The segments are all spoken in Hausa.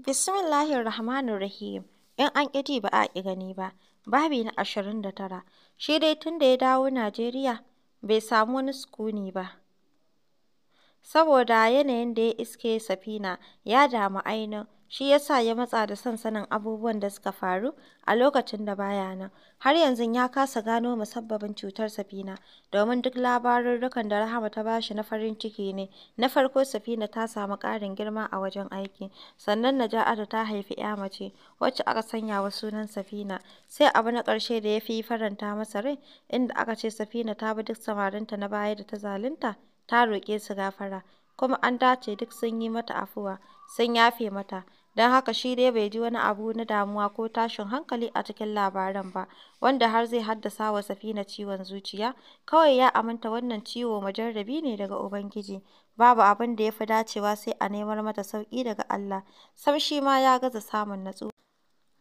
Bismillahir Rahmanir Rahim. In an ƙi ba a ƙi gani ba. Babi na ashirin da tara. Shi dai tunda ya dawo Najeriya bai samu wani sukuni ba. Saboda yanayin da ya iske Safina ya damu ainihin. Shi ya sa ya matsa da sansanin abubuwan da suka faru a lokacin da baya nan. Har yanzu ya kasa gano musabbabin cutar Safina, domin duk labarurrukan da Rahama ta ba shi na farin ciki ne. Na farko, Safina ta samu ƙarin girma a wajen aiki, sannan Naja'atu ta haifi 'ya mace, wacce aka sanya wa sunan Safina. Sai abu na ƙarshe da ya fi faranta masa rai, inda aka ce Safina ta bi duk samarinta na baya da ta zalunta, ta roƙe su gafara, kuma an dace duk sun yi mata afuwa, sun yafe mata. Don haka shi dai bai ji wani abu na damuwa ko tashin hankali a cikin labaran ba wanda har zai haddasa wa Safina ciwon zuciya, kawai ya aminta wannan ciwo mujarrabi ne daga Ubangiji, babu abin da ya fi dacewa sai a nemar mata sauƙi daga Allah, sam shi ma ya gaza samun natsuwa.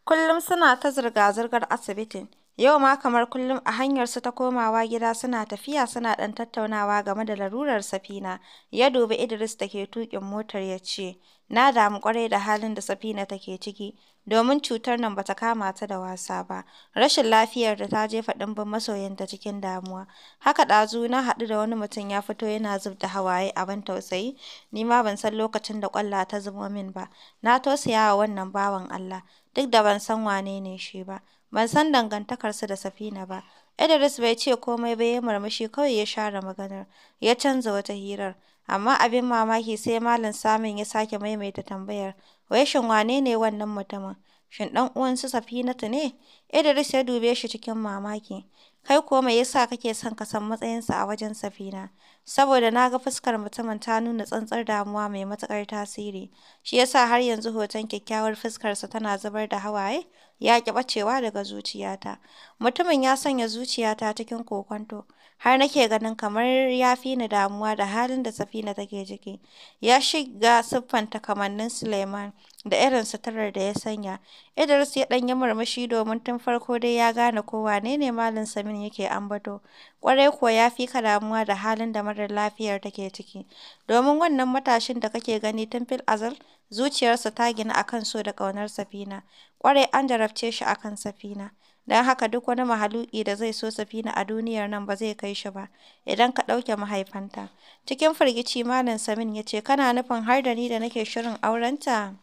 Kullum suna ta zirga-zirgar asibitin. Yau ma kamar kullum a hanyar hanyarsu ta komawa gida suna tafiya suna ɗan tattaunawa game da larurar Safina, ya dubi Idris da ke tuƙin motar ya ce, Na damu kwarai da halin da Safina take ciki, domin cutar nan bata kama ta da wasa ba. Rashin lafiyar da ta jefa ɗimbin masoyanta cikin damuwa. Haka ɗazu na haɗu da wani mutum ya fito yana zub da hawaye abin tausayi, ni ma ban san lokacin da ƙwalla ta zubo min ba. Na tausaya wa wannan bawan Allah, duk da ban san wane ne shi ba. Ban san dangantakarsu da Safina ba. Idris bai ce komai ba ya yi murmushi kawai ya share maganar, ya canza wata hirar. Amma abin mamaki sai Malam Samun ya sake maimaita tambayar, wai shin wane ne wannan mutumin? Shin ɗan uwan su Safinatu ne? Idris ya dube shi cikin mamaki. Kai kuwa me yasa kake son ka san matsayinsa a wajen Safina? Saboda na ga fuskar mutumin ta nuna tsantsar damuwa mai matuƙar tasiri. Shi yasa har yanzu hoton kyakkyawar fuskarsa tana zubar da hawaye ya ki ɓacewa daga zuciyata. Mutumin ya sanya zuciyata cikin kokonto. har nake ganin kamar ya fi ni damuwa da halin da Safina take ciki. Ya shiga siffanta kamannin Suleiman da irin suturar da ya sanya. Idris ya ɗan yi murmushi domin tun farko dai ya gane ko wane ne Malam Samin yake ambato. Ƙwarai kuwa ya fi ka damuwa da halin da marar lafiyar take ciki. Domin wannan matashin da kake gani tun fil azal, zuciyarsa ta gina akan so da ƙaunar Safina. Ƙwarai an jarabce shi akan Safina. Don haka duk wani mahaluƙi da zai so Safina a duniyar nan ba zai kai shi ba, idan ka ɗauke mahaifanta. Cikin firgici Malam Samin ya ce, Kana nufin har da ni da nake shirin aurenta?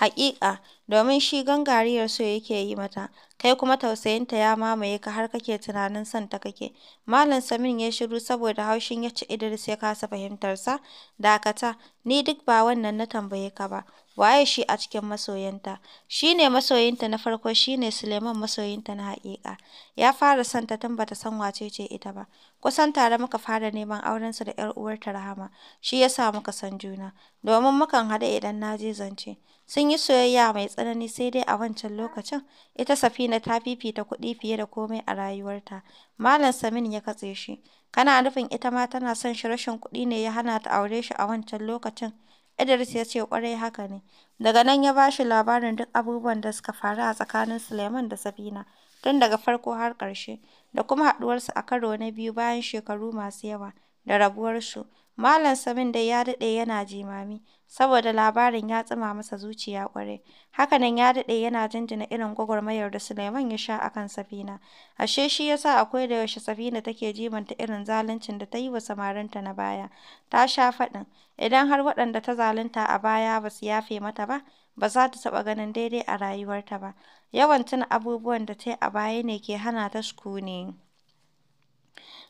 Haƙiƙa, domin shi gangariyar so yake yi mata, kai kuma tausayinta ya mamaye ka har kake tunanin son ta kake. Malam Samin ya shiru saboda haushin ya ci Idris ya kasa fahimtarsa. Dakata, ni duk ba wannan na tambaye ka ba. Waye shi a cikin masoyanta? Shi ne masoyinta na farko shi ne Suleiman masoyinta na haƙiƙa. Ya fara son ta tun bata san wace ce ita ba. Kusan tare muka fara neman aurensu da 'yar uwarta Rahama, shi ya sa muka san juna, domin mukan haɗa idan na je zance. Sun yi soyayya mai tsanani sai dai a wancan lokacin, ita Safina ta fifita kuɗi fiye da komai a rayuwarta. Malam Samin ya katse shi. Kana nufin ita ma tana son shi rashin kuɗi ne ya hana ta aure shi a wancan lokacin? Idris ya ce kwarai haka ne, daga nan ya bashi labarin duk abubuwan da suka faru a tsakanin Suleiman da Sabina tun daga farko har ƙarshe, da kuma haɗuwarsu a karo na biyu bayan shekaru masu yawa da rabuwarsu. Malam Samin dai ya daɗe yana jimami, saboda labarin ya tsima masa zuciya ƙwarai, hakanan ya daɗe yana jinjina irin gwagwarmayar da Suleiman ya sha a kan Safina, ashe shi ya sa akwai da yaushe Safina take jimanta irin zaluncin da ta yi wa samarinta na baya, ta sha faɗin, idan har waɗanda ta zalunta a baya ba su yafe mata ba, ba za ta taɓa ganin daidai a rayuwarta ba, yawan tuna abubuwan da ta yi a baya ne ke hana ta sukuni,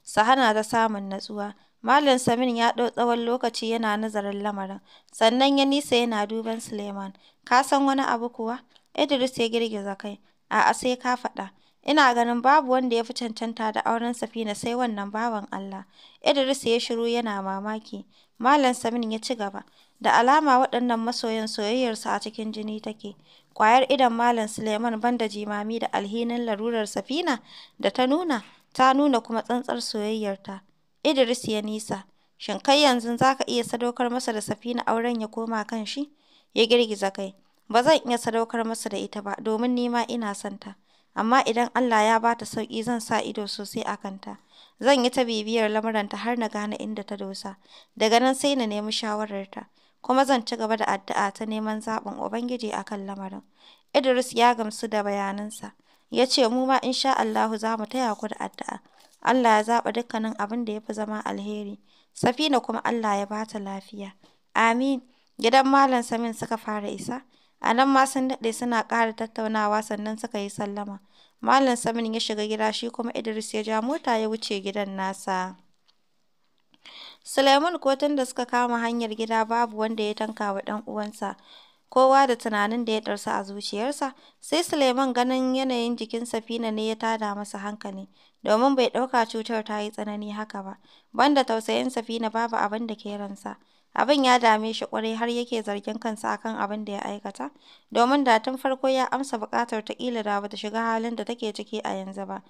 su hana ta samun natsuwa. Malam samin ya ɗau tsawon lokaci yana nazarin lamarin, sannan ya nisa yana duban Suleiman. “Ka san wani abu kuwa?” Idris ya girgiza kai. “A'a, sai ka faɗa. Ina ganin babu wanda ya fi cancanta da auren Safina sai wannan bawan Allah.” Idris ya shiru yana mamaki. Malam samin ya ci gaba. “Da alama waɗannan masoyan soyayyarsa a cikin jini take. Kwayar idon Malam Suleiman banda jimami da alhinin larurar Safina da ta nuna, ta nuna kuma tsantsar soyayyarta. Idris ya nisa. Shin kai yanzu za ka iya sadaukar masa da Safina auren ya koma kan shi? Ya girgiza kai. Ba zan iya sadaukar masa da ita ba domin ni ma ina son ta. Amma idan Allah ya ba ta sauƙi zan sa ido sosai a kanta. Zan yi ta bibiyar lamuranta har na gane inda ta dosa. Daga nan sai na nemi shawararta. Kuma zan ci gaba da addu'a ta neman zaɓin Ubangiji a kan lamarin. Idris ya gamsu da bayanansa. Ya ce mu ma insha Allahu za mu taya ku da addu'a. Allah ya zaɓa dukkanin abin da ya fi zama alheri, Safina kuma Allah ya ba ta lafiya. Amin. Gidan Malam samin suka fara isa, a nan ma sun daɗe suna ƙara tattaunawa sannan suka yi sallama. Malam samin ya shiga gida shi kuma Idris ya ja mota ya wuce gidan nasa. Suleiman ko tun da suka kama hanyar gida babu wanda ya tanka wa ɗan uwansa. kowa da tunanin da ya ɗarsa a zuciyarsa, sai Suleiman ganin yanayin jikin Safina ne ya tada masa hankali, domin bai ɗauka cutar ta yi tsanani haka ba. Banda tausayin Safina babu abin da ke ransa. Abin ya dame shi kwarai har yake zargin kansa akan abin da ya aikata, domin da tun farko ya amsa buƙatar ta ƙila da bata shiga halin da take ciki a yanzu ba.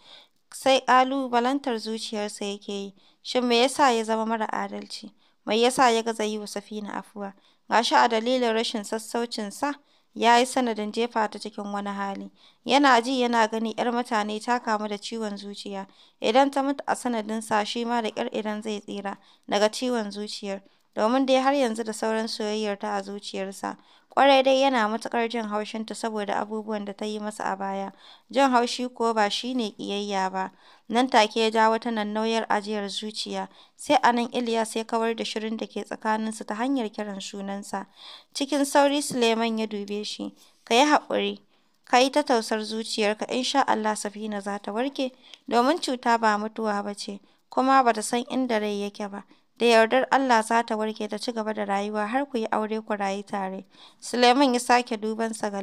Sai ƙalubalantar zuciyarsa yake yi, shin me yasa ya zama mara adalci? mai yasa ya gaza yi wa Safina afuwa? Ga shi a dalilin rashin sassaucinsa ya yi sanadin jefa ta cikin wani hali. Yana ji yana gani 'yar mutane ta kamu da ciwon zuciya, idan ta mutu a sanadin sa shi ma da kyar idan zai tsira daga ciwon zuciyar, domin dai har yanzu da sauran soyayyarta a zuciyarsa. kwarai dai yana matukar jin haushinta saboda abubuwan da ta yi masa a baya, jin haushi kuwa ba shi ne ƙiyayya ba. Nan take ya ja wata nauyar ajiyar zuciya, sai a nan Ilyas ya kawar da shirin da ke tsakaninsu ta hanyar kiran sunansa. Cikin sauri Suleiman ya dube shi, ka yi haƙuri, ka yi ta tausar zuciyarka sha Allah Safina za ta warke, domin cuta ba mutuwa ba ce, kuma ba ta san inda rai yake ba. Da yardar Allah za ta warke ta ci gaba da rayuwa har ku yi aure ku rayu tare. Suleiman ya sake duban sa ga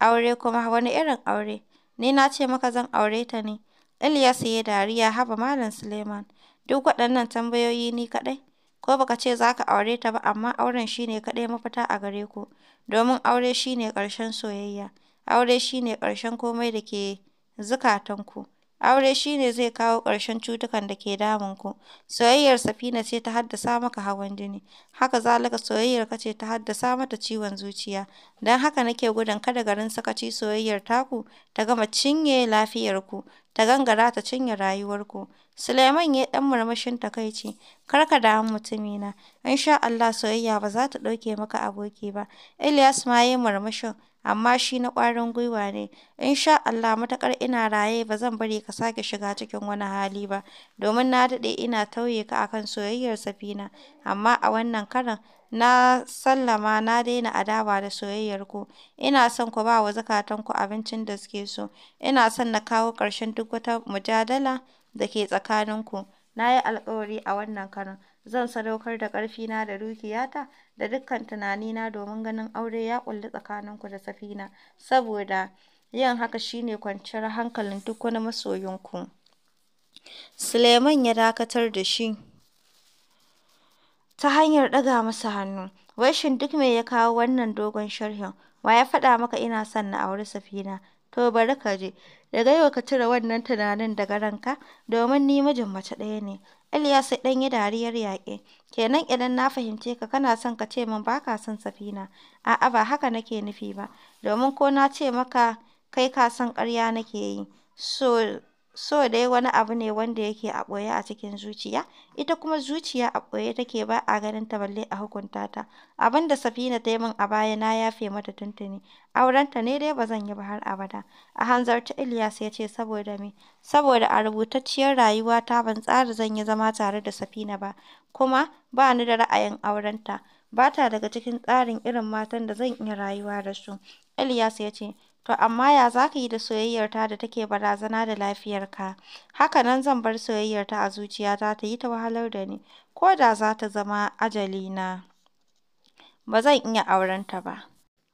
Aure kuma wani irin aure? Ni na ce maka zan aure ta ne. Ilyas ya dariya haba Malam Suleiman. Duk waɗannan tambayoyi ni kaɗai? Ko baka ce za ka aure ta ba amma auren shine kaɗai mafita a gare ku. Domin aure shine ƙarshen soyayya. Aure shine ƙarshen komai da ke zukatanku. Aure shi ne zai kawo ƙarshen cutukan da ke damun ku. Soyayyar Safina ce ta haddasa maka hawan jini, haka zalika ka ce ta haddasa mata ciwon zuciya. Don haka nake gudun kada garin sakaci soyayyar taku ta gama cinye lafiyar ku ta gangara ta cinye rayuwar ku Suleiman ya ɗan murmushin takaici. Kar ka damu mutumina, in sha Allah soyayya ba za ta ɗauke maka aboki ba. Ilyas ma ya yi murmushin. amma shi na ƙwarin gwiwa ne, in sha Allah matuƙar ina raye ba zan bari ka sake shiga cikin wani hali ba, domin na daɗe ina tauye ka akan soyayyar Safina, amma a wannan karon na sallama na daina adawa da soyayyar ku, ina son ku ba wa ku abincin da suke so, ina son na kawo ƙarshen duk wata mujadala da ke tsakaninku. Na yi alkawari a wannan karon zan sadaukar da ƙarfina da dukiyata da dukkan tunanina domin ganin aure ya ƙulli tsakaninku da Safina, saboda yin haka shi ne kwanciyar hankalin duk wani masoyinku. Suleiman ya dakatar da shi ta hanyar ɗaga masa hannu. Wai shin duk me ya kawo wannan dogon sharhin? Wa ya faɗa maka ina son na auri Safina? To bari ka je, daga yau ka cire wannan tunanin daga ranka domin ni mijin mace ɗaya ne. iliya sai ɗan yi dariyar yaƙi. Kenan idan na fahimce ka kana son ka ce min ba ka son Safina. A'a ba haka nake nufi ba, domin ko na ce maka kai ka son ƙarya nake yi. So So dai wani abu ne wanda yake a ɓoye a cikin zuciya, ita kuma zuciya a ɓoye take ba a ganin ta balle a hukunta ta. Abin da Safina ta yi min a baya na yafe mata tuntuni, aurenta ne dai ba zan yi ba har abada. A hanzarta Ilyas ya ce saboda me? Saboda a rubutacciyar rayuwa ta ban tsara zan yi zama tare da Safina ba, kuma ba ni da ra'ayin aurenta. Ba ta daga cikin tsarin irin matan da zan iya rayuwa da su. Ilyas ya ce, To amma ya za ka yi da soyayyarta da take barazana da lafiyarka? Haka nan zan bar soyayyarta a zuciyata ta yi ta wahalar da ni, ko da za ta zama ajalina. Ba zan iya auren ta ba.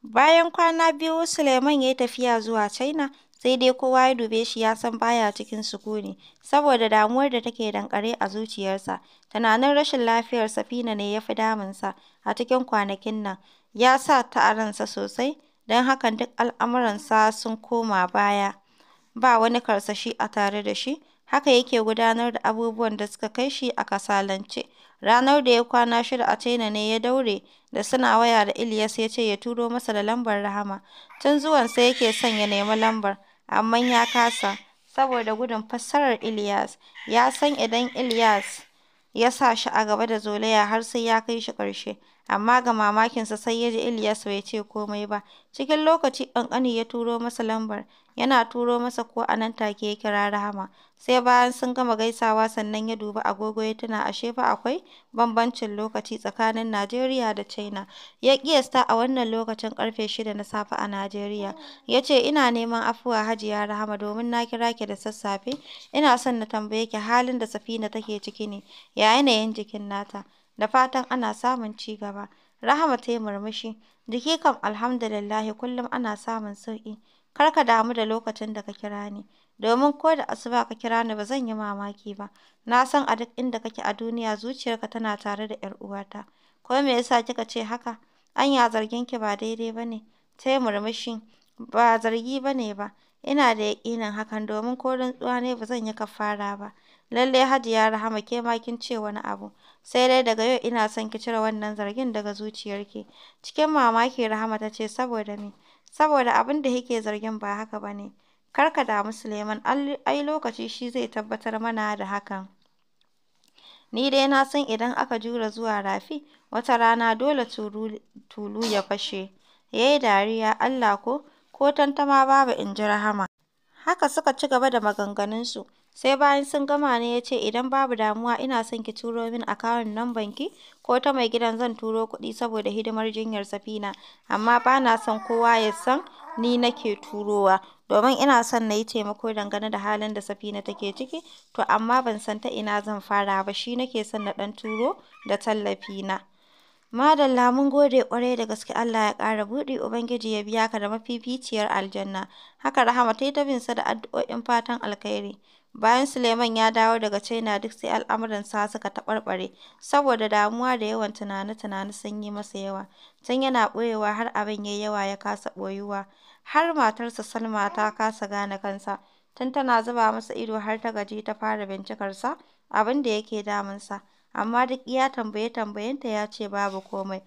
Bayan kwana biyu Suleiman ya yi tafiya zuwa China, sai dai kowa ya dube shi ya san baya cikin sukuni, saboda damuwar da take dankare a zuciyarsa. Tunanin rashin lafiyar Safina ne ya fi damunsa a cikin kwanakin nan, ya sa ta a sosai. don hakan duk al'amuransa sun koma baya, ba wani karsashi a tare da shi, haka yake gudanar da abubuwan da suka kai shi a kasalance. Ranar da ya kwana shida a China ne ya daure da suna waya da Ilyas ya ce ya turo masa da lambar Rahama, tun zuwansa yake son ya nemi lambar, amma ya kasa, saboda gudun fassarar Ilyas, ya san idan Ilyas ya sa shi a gaba da zolaya har sai ya kai shi ƙarshe. amma ga mamakinsa sai ya ji Ilyas bai ce komai ba, cikin lokaci ƙanƙani ya turo masa lambar, yana turo masa ko a nan take ya kira Rahama, sai bayan sun gama gaisawa sannan ya dubi agogo ya tuna ashe fa akwai bambancin lokaci tsakanin Najeriya da China, ya ƙiyasta a wannan lokacin karfe shida na safe a Najeriya, ya ce ina neman afuwa Hajiya Rahama domin na kira ki da sassafe, ina son na tambaye ki halin da Safina take ciki ne, ya yanayin jikin nata? Da fatan ana samun ci gaba. Rahama ta yi murmushi. Jiki kam alhamdulillah kullum ana samun sauki. Kar ka damu da lokacin da ka kira ni. Domin ko da asuba ka kira ni ba zan yi mamaki ba. Na san a duk inda kake a duniya zuciyarka tana tare da 'yar uwata. Ko me yasa kika ce haka? Anya zargin ki ba daidai ba ne. Ta yi murmushi. Ba zargi ba ne ba. Ina da yaƙinin hakan domin ko rantsuwa ne ba zan yi kafara ba. Lallai Hajiya Rahama ke ma kin ce wani abu. sai dai daga yau ina son ki cire wannan zargin daga zuciyarki. Cikin mamaki Rahama ta ce, saboda me? Saboda abin da yake zargin ba haka ba ne. Kar ka damu Suleiman, ai lokaci shi zai tabbatar mana da hakan. Ni dai na san idan aka jura zuwa rafi, wata rana dole tulu ya fashe. Ya yi dariya, Allah ko, ko tantama babu in ji Rahama. Haka suka ci gaba da maganganunsu. Sai bayan sun gama ne ya ce, idan babu damuwa ina son ki turo min akawun nan banki ko ta mai gidan zan turo kuɗi saboda hidimar jinyar Safina, amma ba na son kowa ya san ni nake turowa, domin ina son na yi taimako dangane da halin da Safina take ciki, to amma ban san ta ina zan fara ba, shi nake son na ɗan turo da tallafi na. Madalla mun gode kwarai da gaske Allah ya kara buɗe Ubangiji ya biya ka da mafificiyar aljanna. Haka Rahama ta yi ta binsa da addu'o'in fatan alkhairi. Bayan suleiman ya dawo daga China duk sai al'amuran sa suka taɓarɓare saboda damuwa da yawan tunane-tunane sun yi masa yawa, tun yana ɓoyewa har abin yayi yawa ya kasa ɓoyuwa, har matarsa Salma ta kasa gane kansa, tun tana zuba masa ido har ta gaji ta fara bincikarsa abin da yake sa amma duk iya tambaye-tambayenta ya ce babu komai,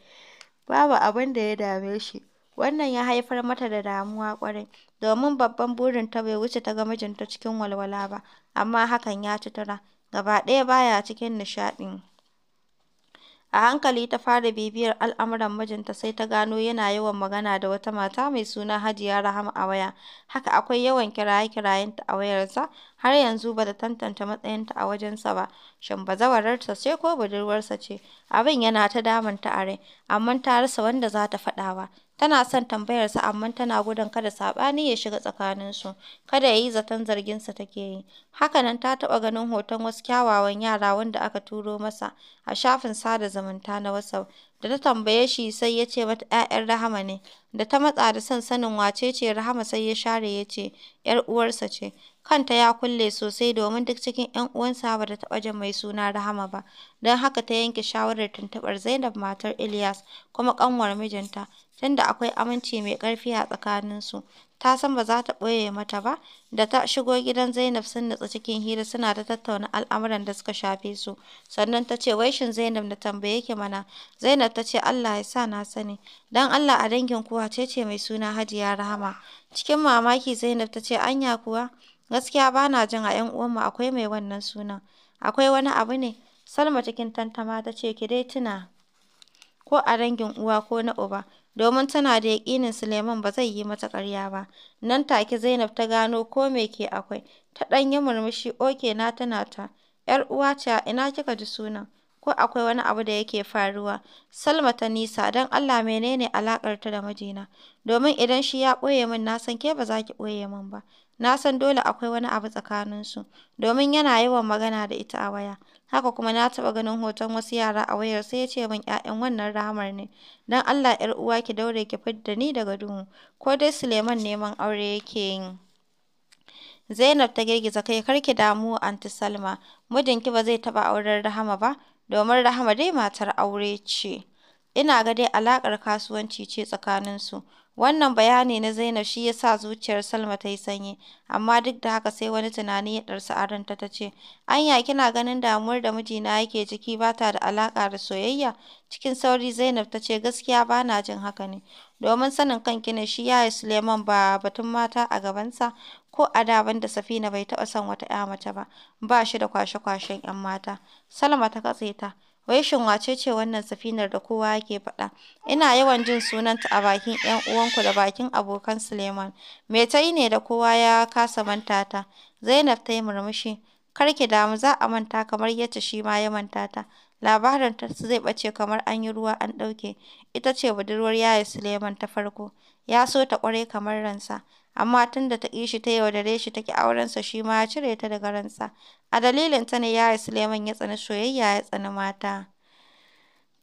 babu abin da ya dame shi. Wannan ya haifar mata da damuwa ƙwarai, domin babban burinta bai wuce ta ga mijinta cikin walwala ba, amma hakan ya ci tura, gaba ɗaya baya cikin nishaɗi. A hankali ta fara bibiyar al'amuran mijinta sai ta gano yana yawan magana da wata mata mai suna Hajiya Rahama a waya, haka akwai yawan kiraye-kirayenta a wayarsa, har yanzu ba ta tantance matsayinta a wajensa ba, shin bazawararsa ce ko budurwarsa ce? Abin yana ta damunta a rai, amma ta rasa wanda za ta faɗa wa. Tana son tambayarsa amma tana gudan kada saɓani ya shiga tsakanin su kada ya yi zaton zarginsa take yi. Haka nan ta taɓa ganin hoton wasu kyawawan yara wanda aka turo masa a shafin sada zumunta na WhatsApp. Da ta tambaye shi sai ya ce mata ‘ya'yan Rahama ne, da ta matsa da son sanin wace ce Rahama sai ya share ya ce ‘yar uwarsa ce. Kanta ya kulle sosai domin duk cikin ‘yan uwansa ba da taɓa jin mai suna Rahama ba, don haka ta yanke shawarar tuntuɓar Zainab matar Ilyas kuma kanwar mijinta, tunda akwai aminci mai ƙarfi a tsakaninsu. Ta san ba za ta ɓoye mata ba, da ta shigo gidan Zainab sun nutsu cikin hira suna ta tattauna al'amuran da suka shafe su. Sannan ta ce, wai shin Zainab na tambaye ki mana? Zainab ta ce, Allah ya sa na sani. Don Allah a dangin kuwa ce ce mai suna Hajiya Rahama. Cikin mamaki Zainab ta ce, anya kuwa? Gaskiya ba na jin a 'yan uwanmu akwai mai wannan sunan. Akwai wani abu ne? Salma cikin tantama ta ce, ki dai tuna ko a dangin uwa ko na uba, domin tana da yaƙinin Suleiman ba zai yi mata ƙarya ba. Nan take Zainab ta gano ko me ke akwai, ta ɗan yi murmushi, oke na tana ta, 'yar uwa ce a ina kika ji sunan? ko akwai wani abu da yake faruwa. Salma ta nisa, don Allah menene alakar ta da majina. Domin idan shi ya ɓoye min na san ke ba za ki ɓoye min ba. Na san dole akwai wani abu tsakaninsu, domin yana yawan magana da ita a waya. Haka kuma na taɓa ganin hoton wasu yara a wayar sai ya ce min ‘ya'yan wannan ramar ne. Don Allah ‘yar uwa ki daure ki fidda ni daga duhu, ko dai Suleiman neman aure yake yin. Zainab ta girgiza kai kar ki damu anti Salma, mijinki ba zai taɓa auren Rahama ba, domin Rahama dai matar aure ce. Ina ga dai alaƙar kasuwanci ce tsakaninsu. Wannan bayani na Zainab shi ya sa zuciyar Salma ta yi sanyi, amma duk da haka sai wani tunani ya ɗarsa a ranta ta ce, Anya kina ganin damuwar da mijina yake ciki ba ta da alaƙa da soyayya? Cikin sauri Zainab ta ce, Gaskiya ba na jin haka ne, domin sanin kanki ne shi yaya Suleiman ba batun mata a gabansa, ko a da ban Safina bai taɓa son wata ƴa mace ba, ba shi da kwashe-kwashen ‘yan mata. Salma ta katse ta, wai shin wace ce wannan Safinar da kowa yake faɗa? Ina yawan jin sunanta a bakin ‘yan uwanku da bakin abokan Suleiman. Me ta yi ne da kowa ya kasa manta ta? Zainab ta yi murmushi. Kar ki damu za a manta kamar yadda shi ma ya manta ta. Labarin ta zai ɓace kamar an yi ruwa an ɗauke. Ita ce budurwar yaya Suleiman ta farko. Ya so ta kware kamar ransa. amma tun da ta ƙi shi ta yaudare shi ta auren aurensa shi ma ya cire ta daga ransa. A dalilin ta ne ya yi Suleiman ya tsani soyayya ya tsani mata.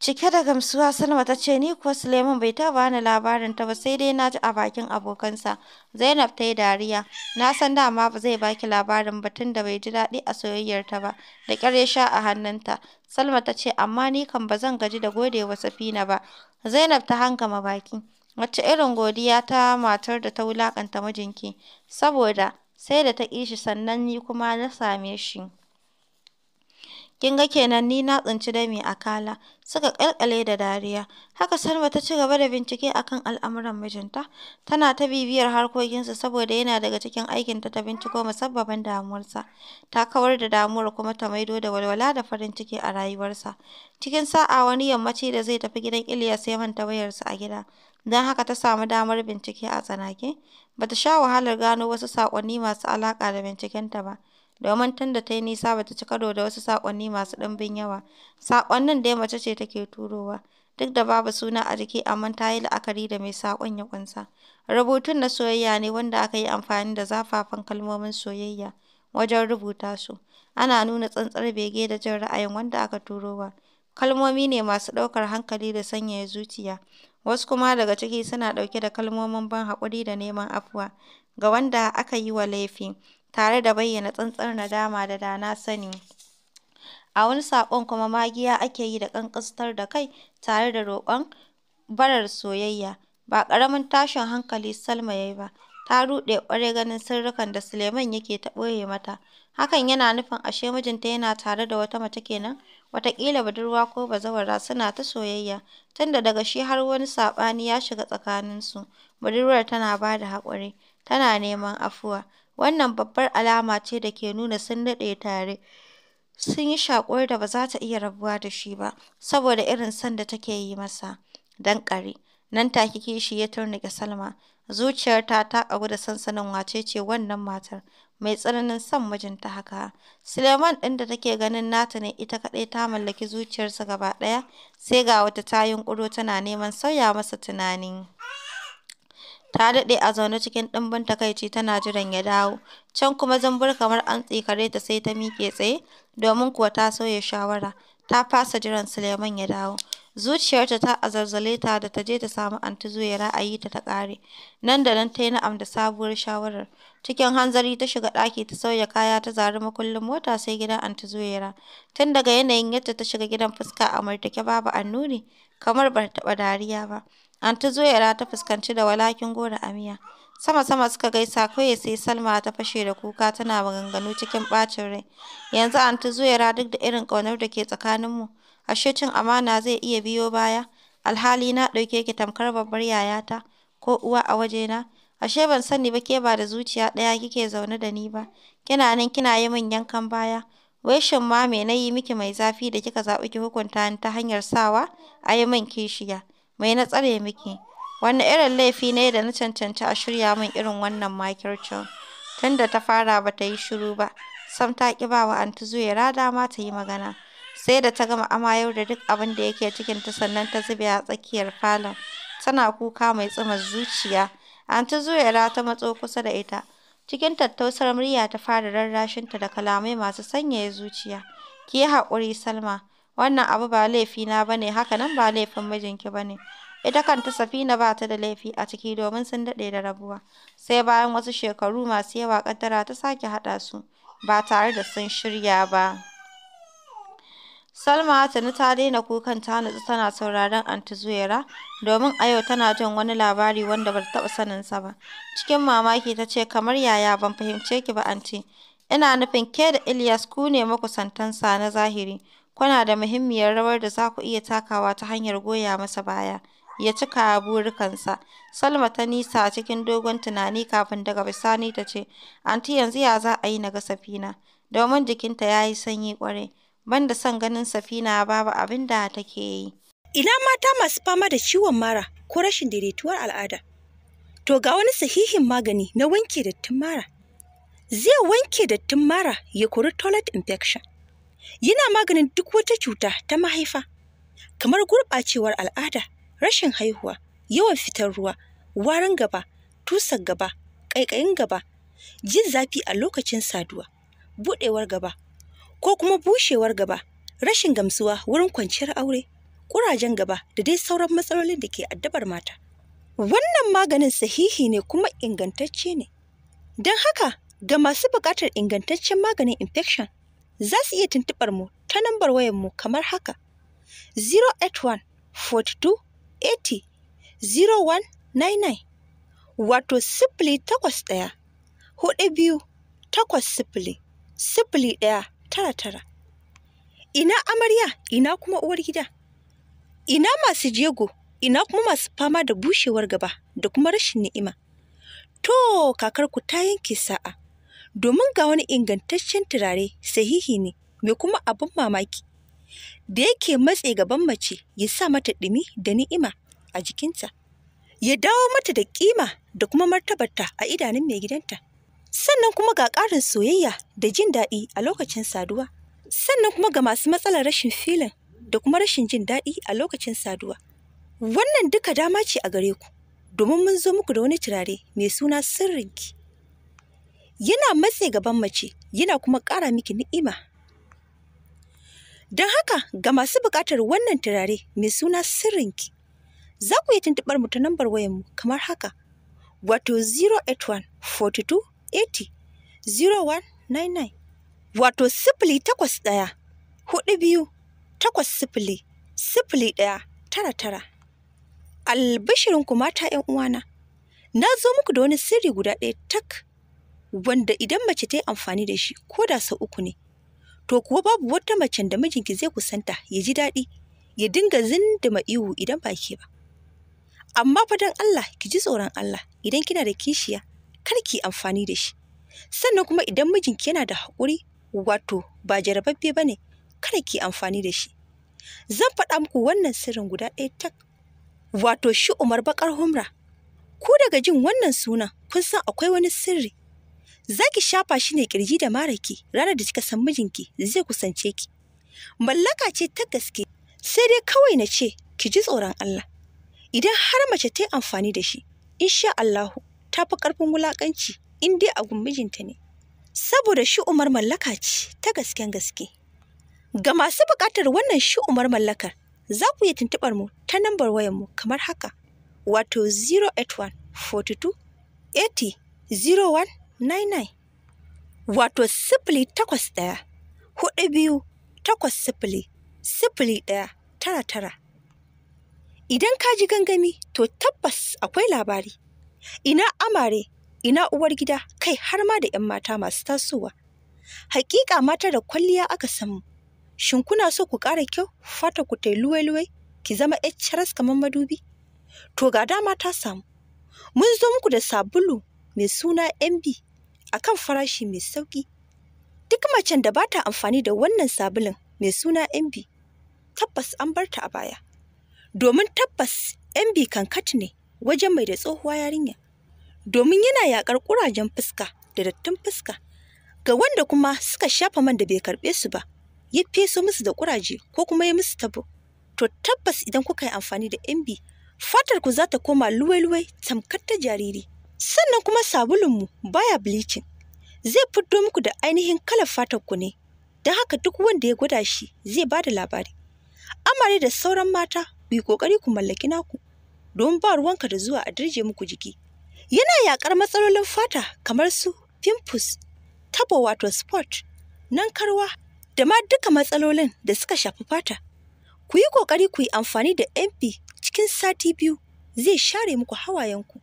Cike da gamsuwa Salma ta ce ni kuwa Suleiman bai taɓa bani labarin ta ba sai dai na ji a bakin abokansa. Zainab ta yi dariya. Na san dama ba zai baki labarin ba tun da bai ji daɗi a soyayyarta ba. Da ƙyar ya sha a hannunta. Salma ta ce amma ni kan ba zan gaji da gode wa Safina ba. Zainab ta hangama baki. Wace irin godiya ta matar da ta wulaƙanta mijinki, saboda sai da ta ƙi shi sannan ni kuma na same shi. Kin ga kenan ni na tsinci dami a kala. Suka kalkale da dariya. Haka Salma ta ci gaba da bincike akan al'amuran mijinta. Tana ta bibiyar harkokinsa saboda yana daga cikin aikinta ta binciko musabbabin damuwarsa. Ta kawar da damuwar kuma ta maido da walwala da farin ciki a rayuwarsa. Cikin sa'a wani yammaci da zai tafi gidan Iliya sai manta wayarsa a gida. don haka ta samu damar bincike a tsanake. Ba ta sha wahalar gano wasu saƙonni masu alaƙa da bincikenta ba, domin tun da ta yi nisa ba ta ci karo da wasu saƙonni masu ɗimbin yawa. Saƙonnin dai mace ce take turowa, duk da babu suna a jiki amma ta yi la'akari da mai saƙon ya ƙunsa. Rubutun na soyayya ne wanda aka yi amfani da zafafan kalmomin soyayya wajen rubuta su. Ana nuna tsantsar bege da jin ra'ayin wanda aka turowa. Kalmomi ne masu ɗaukar hankali da sanyaya zuciya, wasu kuma daga ciki suna ɗauke da kalmomin ban haƙuri da neman afuwa ga wanda aka yi wa laifi, tare da bayyana tsantsar na dama da na sani. A wani saƙon kuma magiya ake yi da ƙanƙastar da kai tare da roƙon barar soyayya. Ba ƙaramin tashin hankali Salma ya yi ba, ta ruɗe ƙwarai ganin sirrukan da Suleiman yake ta ɓoye mata. Hakan yana nufin ashe mijinta yana tare da wata mace kenan? Wataƙila budurwa ko bazawara suna ta soyayya, tunda daga shi har wani saɓani ya shiga tsakaninsu, budurwar tana ba da haƙuri, tana neman afuwa, wannan babbar alama ce da ke nuna sun daɗe tare, sun yi shaƙuwar da ba za ta iya rabuwa da shi ba, saboda irin son da take yi masa. danƙari. Nan take kishi ya turnuƙe Salma, zuciyarta ta ƙagu da sansanin wacece wannan matar. mai tsananin son mijinta haka. Suleiman ɗin da take ganin nata ne ita kaɗai ta mallaki zuciyarsa gaba ɗaya, sai ga wata ta yunƙuro tana neman sauya masa tunani. Ta daɗe a zaune cikin ɗimbin takaici tana jiran ya dawo, can kuma zan bar kamar an tsikare ta sai ta miƙe tsaye, domin kuwa ta sauya shawara, ta fasa jiran Suleiman ya dawo. Zuciyarta ta azazzale ta da ta je ta samu anti Zuwaira a yi ta ta ƙare. Nan da nan ta yi na'am da sabuwar shawarar. Cikin hanzari ta shiga ɗaki ta sauya kaya ta zari makullin mota sai gidan ya ra Tun daga yanayin yadda ta shiga gidan fuska a martake babu annuri kamar ba taɓa dariya ba. ya ra ta fuskanci da walakin goro a miya. Sama-sama suka gaisa kawai sai Salma ta fashe da kuka tana maganganu cikin ɓacin rai. Yanzu ya ra duk da irin ƙaunar da ke tsakaninmu ashe cin amana zai iya biyo baya, alhali na ɗauke ki tamkar babbar yayata ko uwa a wajena, ashe ban sani ba ke ba da zuciya ɗaya kike zaune da ni ba, kina nan kina yi min yankan baya, wai shin ma me na yi miki mai zafi da kika zaɓi ki hukunta ni ta hanyar sawa a yi min kishiya, mai na tsare miki, wani irin laifi ne da na cancanci a shirya min irin wannan makircin, tunda ta fara ba ta yi shiru ba, sam ta ƙi ba wa Anti dama ta yi magana. sai da ta gama amayar da duk abin da yake cikinta sannan ta zube a tsakiyar falon tana kuka mai tsuma zuciya anti zuyara ta matso kusa da ita cikin tattausar murya ta fara rarrashinta da kalamai masu sanyaya zuciya ki yi haƙuri salma wannan abu ba laifi na ne haka nan ba laifin mijinki bane ita kanta safina ba ta da laifi a ciki domin sun daɗe da rabuwa sai bayan wasu shekaru masu yawa ƙaddara ta sake haɗa su ba tare da sun shirya ba Salma tuni ta daina kukan ta nutsu tana sauraron Aunty Zuwaira domin a yau tana jin wani labari wanda ba ta sanin sa ba. Cikin mamaki ta ce, kamar yaya ban fahimce ki ba Aunty. Ina nufin ke da Ilyas ku ne makusantansa na zahiri, kuna da muhimmiyar rawar da za ku iya takawa ta hanyar goya masa baya. ya cika burikansa. Salma ta nisa cikin dogon tunani kafin daga bisani ta ce, "Anti yanzu ya za a yi na ga Safina?" Domin jikinta ya yi sanyi kwarai. banda son ganin safina babu abin da take yi ina mata masu fama da ciwon mara ko rashin daidaituwar al'ada to ga wani sahihin magani na wanke dattin mara zai wanke dattin mara ya kori toilet infection yana maganin duk wata cuta ta mahaifa kamar gurɓacewar al'ada rashin haihuwa yawan fitar ruwa warin gaba tusar gaba ƙaiƙayin gaba jin zafi a lokacin saduwa buɗewar gaba ko kuma bushewar gaba rashin gamsuwa wurin kwanciyar aure ƙurajen gaba da dai sauran matsalolin da ke addabar mata wannan maganin sahihi ne kuma ingantacce ne don haka ga masu buƙatar ingantaccen maganin infection za su iya tuntuɓar mu ta nambar wayar mu kamar haka 081 42 80 0199 wato sifili takwas ɗaya hudu biyu takwas sifili sifili ɗaya tara tara ina amarya ina kuma uwar gida ina masu jego ina kuma masu fama da bushewar gaba da kuma rashin ni'ima to kakarku ta yanke sa'a domin ga wani ingantaccen turare sahihi ne mai kuma abin mamaki da yake matse gaban mace ya sa mata ɗumi da ni'ima a jikinta ya dawo mata da kima da kuma martabarta a idanun mai gidanta sannan kuma ga ƙarin soyayya da jin daɗi a lokacin saduwa sannan kuma ga masu matsalar rashin filin da kuma rashin jin daɗi a lokacin saduwa wannan duka dama ce a gare ku domin mun zo muku da wani turare mai suna sirrinki yana matse gaban mace yana kuma ƙara miki ni'ima don haka ga masu buƙatar wannan turare mai suna sirrinki za ku yi tuntuɓar mu ta nambar wayanmu kamar haka wato 081 42 80 wato sifili takwas ɗaya hudu biyu takwas sifili sifili ɗaya tara tara albishirinku mata ‘yan uwana na zo muku da wani sirri guda ɗaya tak wanda idan mace ta yi amfani da shi ko da sau uku ne to kuwa babu wata macen da mijinki zai kusanta ya ji daɗi ya dinga zindima ihu idan ba ke ba amma fadan Allah ki ji tsoron Allah idan kina da kishiya kar ki amfani da shi sannan kuma idan mijinki yana da haƙuri wato ba jarababbe ba ne kada ki amfani da shi zan faɗa muku wannan sirrin guda ɗaya tak wato shi umar bakar humra ku daga jin wannan sunan kun san akwai wani sirri za ki shafa shi ne kirji da maraki ranar da kika san mijinki zai kusance ki mallaka ce ta gaske sai dai kawai na ce ki ji tsoron Allah idan har mace ta yi amfani da shi insha Allahu ta fi ƙarfin wulaƙanci in dai a mijinta ne. Saboda shi umar mallaka ce ta gasken gaske. Ga masu buƙatar wannan shi umar mallakar za ku iya tuntuɓar mu ta nambar wayan mu kamar haka wato 081 42 80 0199 wato sifili takwas ɗaya hudu biyu takwas sifili sifili ɗaya tara tara idan ka ji gangami to tabbas akwai labari ina amare ina uwar gida kai har ma da 'yan mata masu tasowa hakika mata da kwalliya aka samu shin kuna so ku ƙara kyau fata ku ta luwai-luwai ki zama HRS kamar madubi to ga dama ta samu mun zo muku da sabulu mai suna MB akan farashi mai sauƙi. duk macen da ba ta amfani da wannan sabulun mai suna MB tabbas an bar ta a baya domin tabbas MB kankat ne wajen mai da tsohuwa yarinya domin yana yakar kurajen fuska da dattin fuska ga wanda kuma suka shafa man da bai karbe su ba ya feso musu da kuraje ko kuma ya musu tabo to tabbas idan kuka yi amfani da MB fatar ku za ta koma luwai-luwai tamkar ta jariri sannan kuma sabulunmu baya bleaching zai fito muku da ainihin kalar fatar ku ne don haka duk wanda ya gwada shi zai ba da labari amare da sauran mata ku yi kokari ku mallaki naku Don ba ruwanka da zuwa a dirje muku jiki. Yana yakar matsalolin fata kamar su pimples, tabo wato spot, nankarwa da ma duka matsalolin da suka shafi fata. Ku yi ƙoƙari ku yi amfani da MP cikin sati biyu zai share muku hawayenku.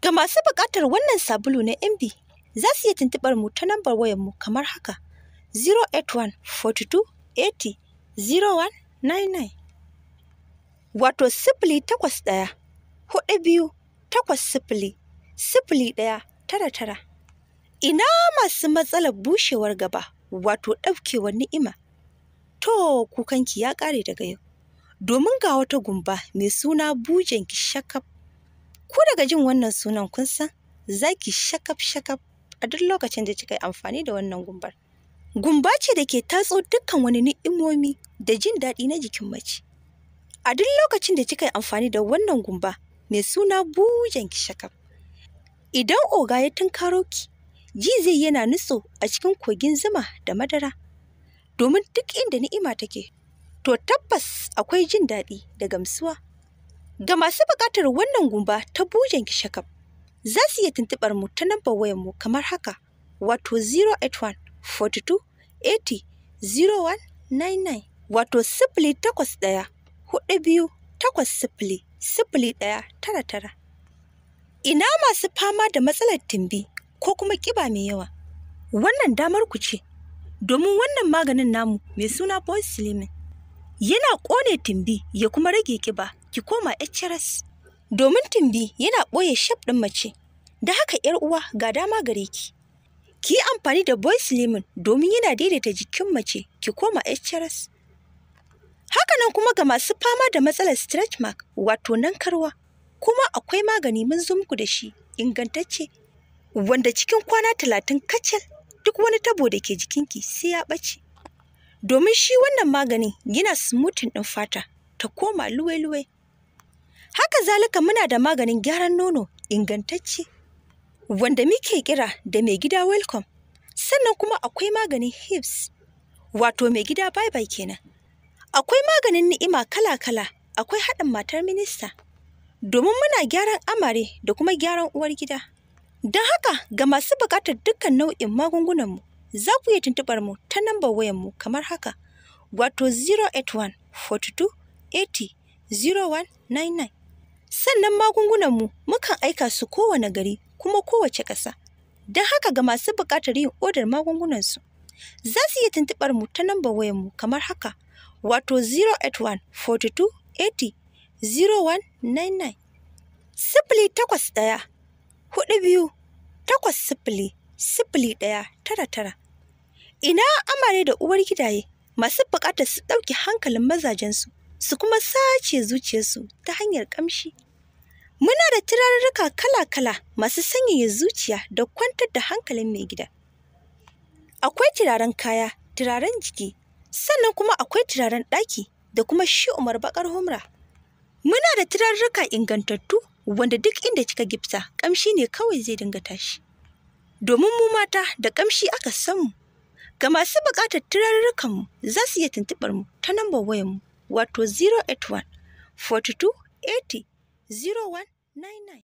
Ga masu buƙatar wannan sabulu na MB za su iya tuntubar mu ta nambar wayanmu kamar haka 081 42 80 0199. wato sifili takwas ɗaya hudu biyu takwas sifili sifili ɗaya tara tara ina masu matsalar bushewar gaba wato ɗaukewar ni'ima to kukanki ya ƙare daga yau domin ga wata gumba mai suna bujenki shakaf ku daga jin wannan sunan kun san za ki shakaf shakaf a duk lokacin da kika yi amfani da wannan gumbar gumba ce da ke tatso dukkan wani ni'imomi da jin daɗi na jikin mace A duk lokacin da kika yi amfani da wannan gumba mai suna bujen ki Idan oga ya tunkaro ki, ji zai yana nutso a cikin kogin zuma da madara. Domin duk inda ni'ima take, to tabbas akwai jin daɗi da gamsuwa. Ga masu buƙatar wannan gumba ta bujen ki za su iya tuntuɓar mu ta namba wayar mu kamar haka, wato 081 42 80 0199 wato sifili takwas ɗaya hudu biyu takwas sifili sifili ɗaya tara tara. Ina masu fama da matsalar timbi ko kuma ƙiba mai yawa? Wannan damar ku ce, domin wannan maganin namu mai suna Boyce Yana ƙone timbi ya kuma rage ƙiba ki koma HRS. Domin timbi yana ɓoye shaf ɗin mace, da haka ‘yar uwa ga dama gare ki. Ki yi amfani da Boyce domin yana daidaita jikin mace ki koma HRS. Hakanan kuma ga masu fama da matsalar stretch mark wato nan karwa kuma akwai magani mun zo muku da shi ingantacce wanda cikin kwana talatin kacal duk wani tabo da ke jikinki sai ya ɓace. Domin shi wannan magani yana smoothing ɗin fata ta koma luwe-luwe. Haka zalika muna da maganin gyaran nono ingantacce wanda muke kira da mai gida welcome sannan kuma akwai maganin hips wato mai gida bye-bye kenan. Akwai maganin ni'ima kala-kala, akwai haɗin matar minista. Domin muna gyaran amare da kuma gyaran uwar gida. Don haka ga masu buƙatar dukkan nau'in magungunanmu, za ku iya tuntubar mu ta nambar wayanmu kamar haka, wato 081 42 80 0199. Sannan magungunanmu mukan aika su kowane gari kuma kowace ƙasa. Don haka ga masu buƙatar yin odar magungunansu, za su iya tuntuɓar mu ta nambar wayanmu kamar haka, wato 081 42 80 0199 sifili takwas ɗaya hudu biyu takwas sifili sifili ɗaya tara tara ina amare da uwar gidaye masu buƙatar su ɗauki hankalin mazajensu su kuma sace zuciyarsu ta hanyar ƙamshi muna da turarruka kala-kala masu sanyaya zuciya da kwantar da hankalin mai gida akwai turaren kaya turaren jiki sannan kuma akwai turaren ɗaki da kuma shi umar bakar humra muna da turarruka ingantattu wanda duk inda kika gipsa ƙamshi ne kawai zai dinga tashi domin mu mata da ƙamshi aka samu ga masu buƙatar turarrukan mu za su iya tuntuɓar mu ta nambar wayanmu, mu wato 081 42 80 0199